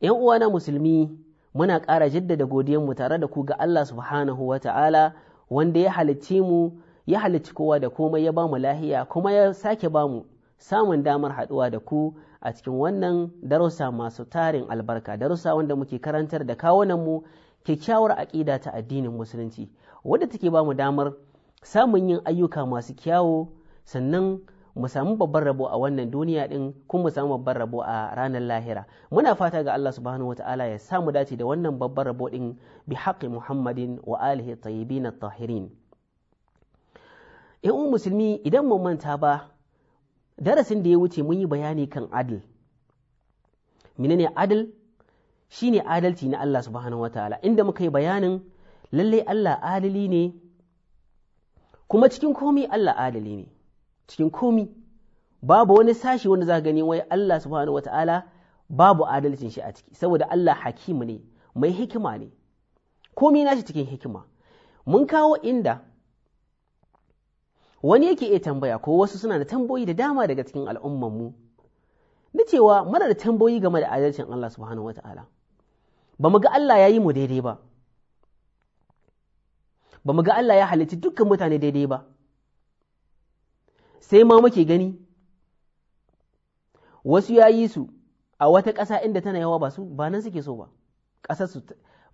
‘yan uwana musulmi muna ƙara jaddada godiyanmu tare da ku ga Allah subhanahu wa ta'ala wanda ya halicci mu ya halicci kowa da komai ya ba mu lahiya kuma ya sake ba mu samun damar haɗuwa da ku a cikin wannan darussa masu tarin albarka darussa wanda muke karantar da kawunanmu kyakkyawar aƙida ta addinin musulunci wadda take ba mu damar samun yin ayyuka masu kyawo sannan mu samu babban rabo a wannan duniya din kuma mu samu babban rabo a ranar lahira muna fata ga Allah subhanahu wataala ya mu dace da wannan babban rabo din bi haqqi Muhammadin wa alihi tayyibin at-tahirin ƴan musulmi idan mun manta ba darasin da ya wuce mun yi bayani kan adil menene adil shine adalci na Allah subhanahu wataala inda muka yi bayanin lallai Allah adali ne kuma cikin komai Allah adali ne cikin komi babu wani sashi wanda za ka gani wai Allah subhanahu wata'ala babu adalcin shi a ciki saboda Allah hakimu ne mai hikima ne komi nashi cikin hikima mun kawo inda wani yake iya tambaya ko wasu suna da tambayoyi da dama daga cikin mu na cewa mana da tambayoyi game da adalcin Allah subhanahu wata'ala ba mu ga Allah ya yi mu daidai ba ba mu ga Allah ya halitta dukkan mutane daidai ba sai ma muke gani wasu ya yi su a wata ƙasa inda tana yawa ba su ba nan suke so ba ƙasar su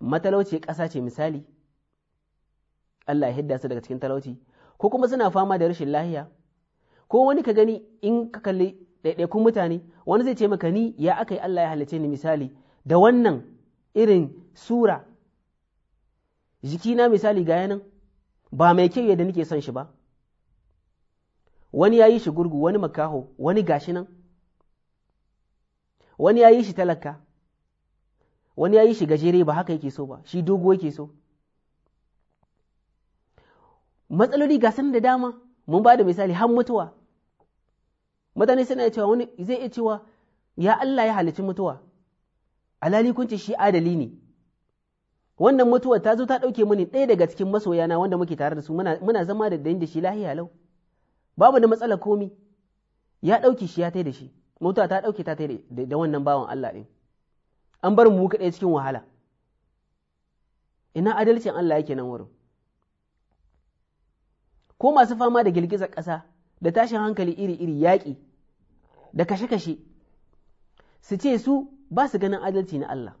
matalauci ƙasa ce misali Allah ya hidda su daga cikin talauci ko kuma suna fama da rashin lahiya ko wani ka gani in ka kalli ɗaiɗaikun mutane wani zai ce maka ni ya aka yi Allah ya halice ni misali da wannan irin sura jikina misali ga yanan ba mai kyau yadda nake son shi ba wani ya yi shi gurgu wani makaho wani gashi nan wani ya yi shi talaka wani ya yi shi gajere ba haka yake so ba shi dogo yake so matsaloli ga da dama mun ba da misali har mutuwa mutane suna cewa wani zai iya cewa ya Allah ya halicci mutuwa alali kunci shi adali ne wannan mutuwa ta zo ta ɗauke mini ɗaya daga cikin masoyana wanda muke tare da su muna zama da dain da shi lahiya lau babu da matsala komi ya ɗauki shi ya tai da shi mota ta ɗauke ta tai da wannan bawan Allah ɗin an bar mu kaɗai cikin wahala ina adalcin Allah yake nan wurin ko masu fama da girgizar ƙasa da tashin hankali iri-iri yaƙi da kashe-kashe su ce su ba su ganin adalci na Allah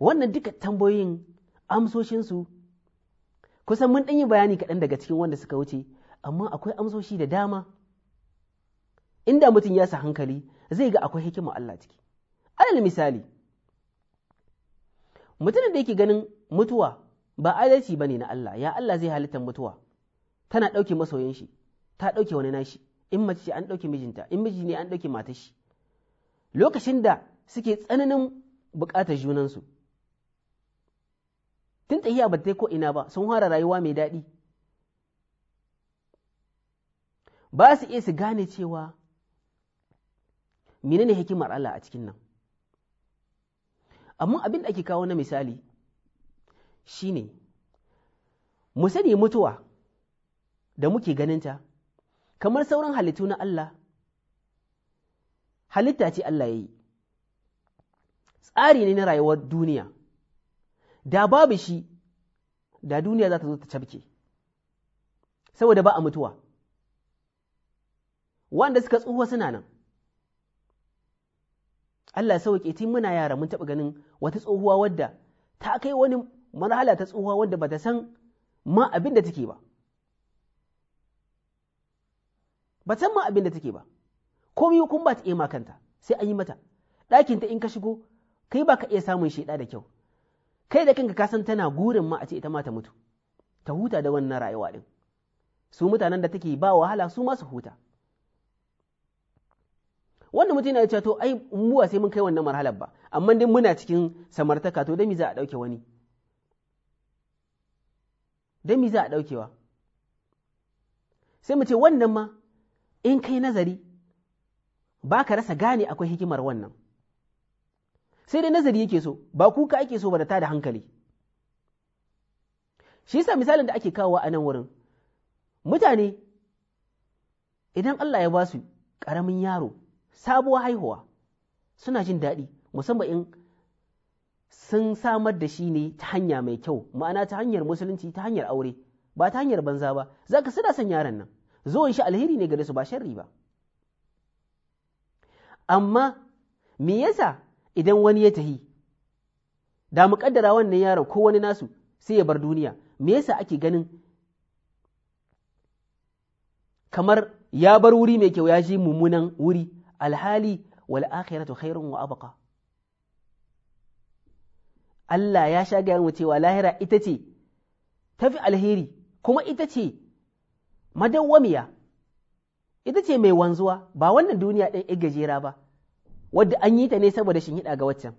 wannan duka tambayoyin amsoshinsu kusan mun ɗanyi bayani kaɗan daga cikin wanda suka wuce amma akwai amsoshi da dama inda mutum ya sa hankali zai ga akwai hikima Allah ciki alal misali mutumin da yake ganin mutuwa ba adalci bane na Allah ya Allah zai halitta mutuwa tana ɗauke masoyin shi ta ɗauke wani nashi in mace ce an ɗauke mijinta in miji ne an ɗauke matar shi lokacin da suke tsananin buƙatar junansu tun tahiya ba ta ko ina ba sun fara rayuwa mai daɗi ba su iya su gane cewa ne hikimar Allah a cikin nan amma abin da ake kawo na misali shine mu sani mutuwa da muke ganinta kamar sauran halittu na Allah halitta ce Allah ya yi tsari ne na rayuwar duniya da babu shi da duniya za ta zo ta cabke saboda ba a mutuwa wanda suka tsohuwa suna nan Allah ya sauke tun muna yara mun taɓa ganin wata tsohuwa wadda ta kai wani marhala ta tsohuwa wadda ba ta san ma abin da take ba ba san ma abin da take ba komai kun ba ta iya makanta sai an yi mata ɗakinta in ka shigo kai ba ka iya samun shaida da kyau kai da kanka ka san tana gurin ma a ce ita ma ta mutu ta huta da wannan rayuwa din su mutanen da take ba wahala su ma su huta wannan mutum yana cewa to ai mu ba sai mun kai wannan marhalar ba amma dai muna cikin samartaka to dami za a dauke wani dami za a daukewa sai mu ce wannan ma in kai nazari ba ka rasa gane akwai hikimar wannan sai dai nazari yake so ba kuka ake so ba da tada hankali shi yasa misalin da ake kawo a nan wurin mutane idan Allah ya ba su ƙaramin yaro sabuwar haihuwa suna jin daɗi musamman in sun samar da shi ne ta hanya mai kyau ma'ana ta hanyar musulunci ta hanyar aure ba ta hanyar banza ba za ka suna son yaron nan zuwan shi alheri ne gare su ba sharri ba amma me yasa idan wani ya tahi da mu kaddara wannan yaron ko wani nasu sai ya bar duniya me yasa ake ganin kamar ya bar wuri mai kyau ya ji mummunan wuri alhali wal akhiratu khairun wa abqa Allah ya sha gaya mu cewa lahira ita ce tafi alheri kuma ita ce madawwamiya ita ce mai wanzuwa ba wannan duniya ɗin igajera ba wadda an yi ta ne saboda shin hida ga waccan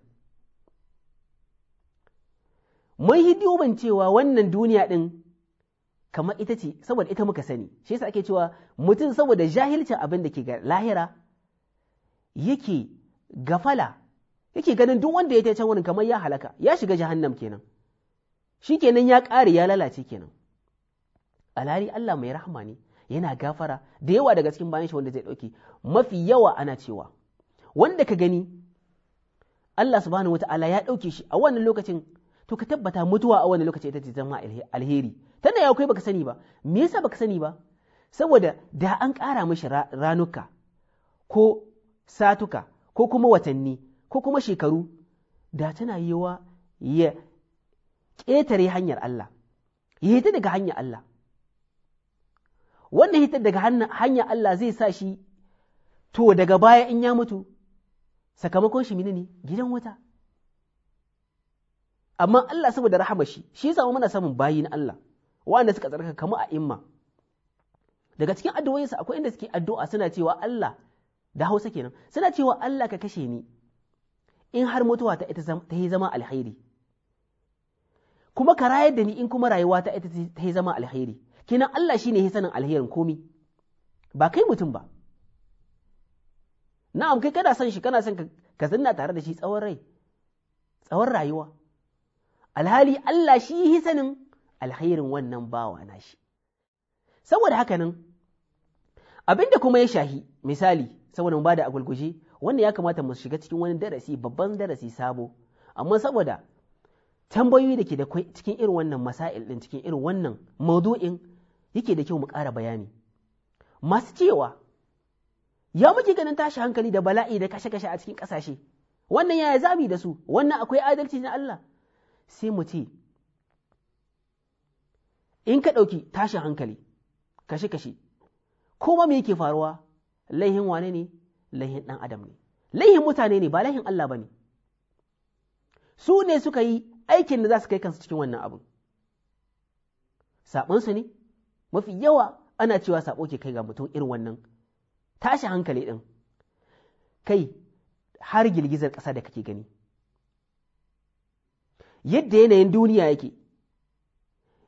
mun yi duban cewa wannan duniya ɗin kamar ita ce saboda ita muka sani shi yasa ake cewa mutum saboda jahilcin abin da ke ga lahira yake gafala yake ganin duk wanda ya ta wani wurin kamar ya halaka ya shiga jahannam kenan shi kenan ya ƙare ya lalace kenan alhari Allah mai rahama ne yana gafara da yawa daga cikin bayan shi wanda zai ɗauki mafi yawa ana cewa wanda ka gani Allah subhanahu wata'ala ya ɗauke shi a wannan lokacin to ka tabbata mutuwa a wannan lokacin ita ce zama alheri tana ya kai baka sani ba me yasa baka sani ba saboda da an ƙara mishi ranuka ko satuka ko kuma watanni ko kuma shekaru da tana yi wa ya ƙetare hanyar Allah ya hita daga hanyar Allah wanda hita daga hanyar Allah zai sa shi to daga baya in ya mutu sakamakon shi ne gidan wata?" amma Allah saboda rahama shi shi samu mana samun bayi na Allah wanda suka tsarkaka kama a imma daga cikin addu'o'insa akwai inda suke addu'a suna cewa Allah da hausa kenan suna cewa Allah ka kashe ni in har mutuwa ta ita ta yi zama alheri kuma ka rayar da ni in kuma rayuwa ta ita ta yi zama alheri kenan Allah shine ya sanin alherin komi ba kai mutum ba na'am kai kana son shi kana son ka zanna tare da shi tsawon rai tsawon rayuwa alhali Allah shi yi sanin alherin wannan bawa shi. saboda haka nan abinda kuma ya shahi misali saboda mu bada a wannan wanda ya kamata mu shiga cikin wani darasi babban darasi sabo amma saboda tambayoyi da ke da cikin irin wannan masail din cikin irin wannan maudu'in yake da kyau mu ƙara bayani masu cewa ya muke ganin tashi hankali da bala'i da kashe-kashe a cikin ƙasashe wannan yaya zami da su wannan akwai adalci na Allah sai mu ce in ka ɗauki tashin hankali kashe-kashe kuma ma me yake faruwa laihin wane ne laihin ɗan adam ne laihin mutane ne ba laihin Allah ba ne su ne suka yi aikin da za su kai kansu cikin wannan abin saɓonsu ne mafi yawa ana cewa saɓo ke kai ga mutum irin wannan tashi hankali ɗin kai har girgizar ƙasa da kake gani yadda yanayin duniya yake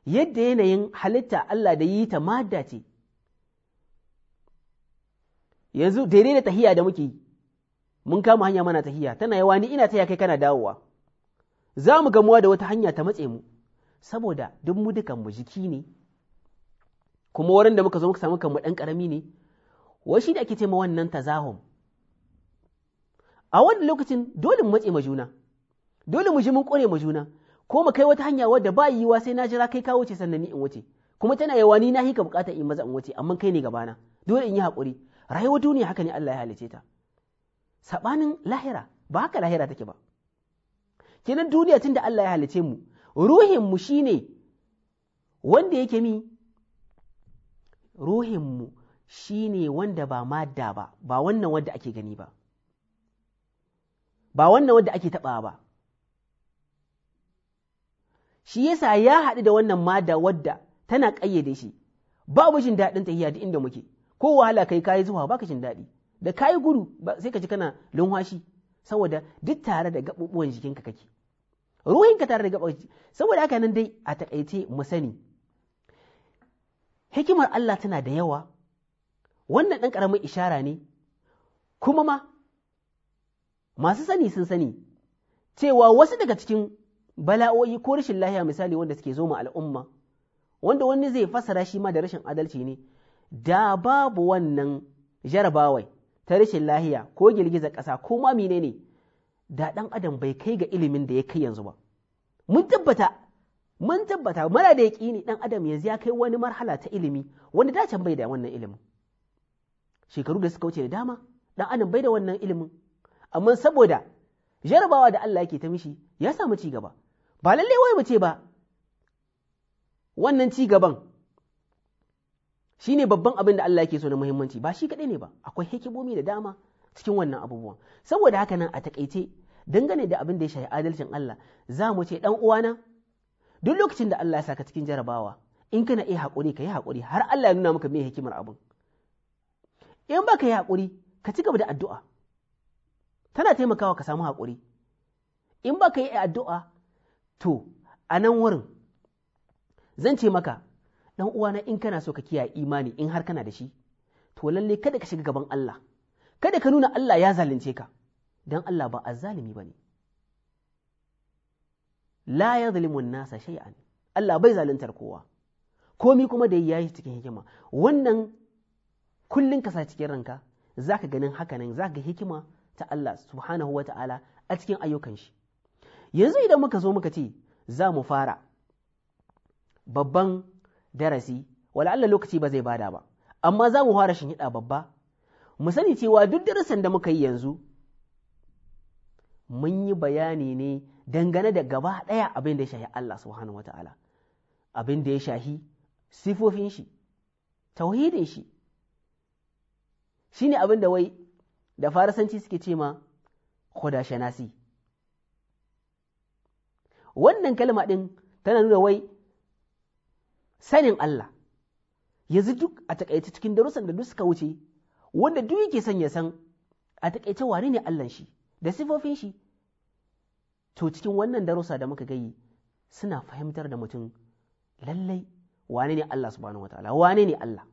yadda yanayin halitta Allah da yi ta madda ce yanzu daidai da tahiya da muke mun kama hanya mana tahiya tana yawa ni ina taya kai kana dawowa za mu gamuwa da wata hanya ta matse mu saboda duk mu dukan mu jiki ne kuma wurin da muka zo muka samu kanmu ɗan ƙarami ne shi da ake ce ma wannan tazahum a wannan lokacin dole mu matse ma juna dole mu ji mun kore ma juna ko mu kai wata hanya wadda ba yiwuwa sai na jira kai ka wuce sannan ni in wuce kuma tana yawa ni na hika bukatar in maza in wuce amma kai ne gabana dole in yi haƙuri rayuwar duniya haka ne Allah ya halice ta sabanin lahira ba haka lahira take ba kenan duniya tunda Allah ya halice mu ruhin mu shine wanda yake mi ruhin mu shine wanda ba madda ba ba wannan wanda ake gani ba ba wannan wanda ake taɓa ba shi yasa ya haɗu da wannan mada wadda tana ƙayyade shi babu jin daɗin tahiya duk inda muke ko wahala kai kayi zuwa baka jin daɗi da kayi gudu sai ka ji kana lunwashi saboda duk tare da gaɓuɓuwan jikinka kake ruhinka tare da gaɓuɓuwan saboda haka nan dai a takaice mu sani hikimar Allah tana da yawa wannan dan karamin ishara ne kuma ma masu sani sun sani cewa wasu daga cikin bala'o'i ko rashin lahiya misali wanda suke zo ma al'umma wanda wani zai fassara shi ma da rashin adalci ne da babu wannan jarabawai ta rashin lahiya ko girgizar ƙasa ko ma menene da ɗan adam bai kai ga ilimin da ya kai yanzu ba mun tabbata mun tabbata muna da yaƙini ɗan adam yanzu ya kai wani marhala ta ilimi wanda da can bai da wannan ilimin shekaru da suka wuce da dama ɗan adam bai da wannan ilimin amma saboda jarabawa da Allah yake ta mishi ya samu ci gaba ba lallai wai mu ce ba wannan ci gaban shi ne babban abin da Allah yake so na muhimmanci ba shi kaɗai ne ba akwai hikimomi da dama cikin wannan abubuwan saboda haka nan a takaice dangane da abin da ya shafi adalcin Allah za mu ce dan uwana duk lokacin da Allah ya saka cikin jarabawa in kana iya haƙuri ka yi haƙuri har Allah ya nuna maka mai hikimar abin in baka yi haƙuri ka ci gaba da addu'a tana taimakawa ka samu haƙuri in baka yi addu'a to a nan wurin zan ce maka dan uwana in kana so ka kiyaye imani in har kana da shi to lalle kada ka shiga gaban Allah kada ka nuna Allah ya zalunce ka dan Allah ba azzalimi bane la yadhlimu an-nasa shay'an Allah bai zaluntar kowa komi kuma da yayi cikin hikima wannan kullun ka sa cikin ranka zaka ganin hakanan zaka ga hikima ta Allah subhanahu wata'ala a cikin ayyukan shi yanzu idan muka zo muka ce za mu fara babban darasi wala Allah lokaci ba zai bada ba amma za mu fara shinhiɗa babba mu sani cewa duk darasin da muka yi yanzu mun yi bayani ne dangane da gaba ɗaya abin da ya shahi Allah subhanahu wata'ala abin da ya shahi sifofin shi tauhidin shi shine abin da wai da farasanci suke ce ma khuda shanasi wannan kalma ɗin tana nuna wai sanin Allah yanzu duk a takaice cikin darussan da duk suka wuce wanda duk yake son ya san a takaice wane ne Allah shi da sifofin shi to cikin wannan darussa da muka gayi suna fahimtar da mutum lallai wane ne Allah subhanahu wataala wane ne Allah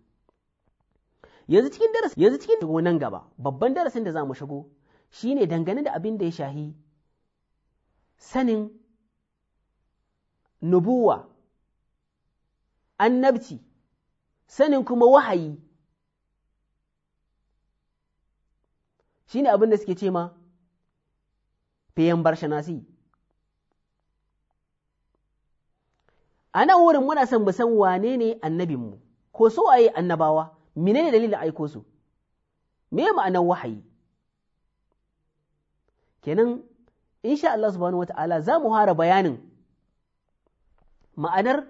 yanzu cikin darasi yanzu cikin nan gaba babban darasin da za mu shigo shine dangane da abin da ya shahi sanin nubuwa annabci sanin kuma wahayi shine abin da suke ce ma feyan barshanasi a nan wurin muna son mu san wane ne annabinmu ko so a yi annabawa menene dalilin aiko su me ma'anar wahayi kenan insha Allah subhanahu wata'ala za mu hara bayanin ma'anar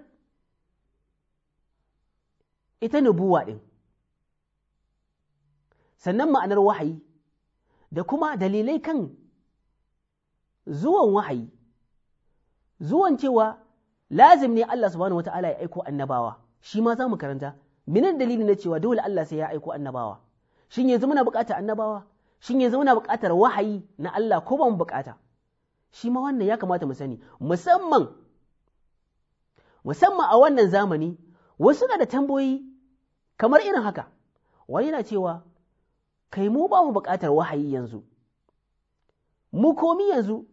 ita nubuwa ɗin sannan ma'anar wahayi da kuma dalilai kan zuwan wahayi zuwan cewa lazim ne Allah subhanahu ta’ala ya aiko annabawa shi ma za mu karanta minan dalili na cewa dole Allah sai ya aiko annabawa shin yanzu muna buƙatar annabawa shin yanzu muna buƙatar wahayi na Allah ko ba mu buƙata shi ma wannan ya kamata mu sani musamman musamman a wannan zamani wasu na da tambayoyi kamar irin haka wani yana cewa kai mu ba mu buƙatar wahayi yanzu mu komi yanzu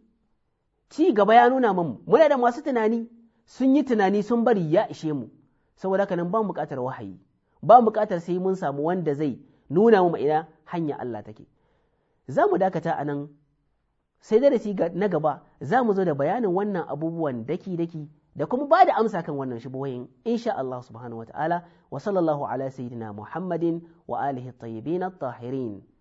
ci gaba ya nuna mu? muna da masu tunani sun yi tunani sun bari ya ishe mu saboda haka nan ba mu buƙatar wahayi ba mu buƙatar sai mun samu wanda zai nuna mu ina hanya Allah take za mu dakata a nan sai darasi na gaba za mu zo da bayanin wannan abubuwan daki-daki da kuma ba da amsa kan wannan shubuhoyin insha Allah subhanahu wa ta'ala wa sallallahu ala sayyidina Muhammadin wa alihi at-tayyibin at-tahirin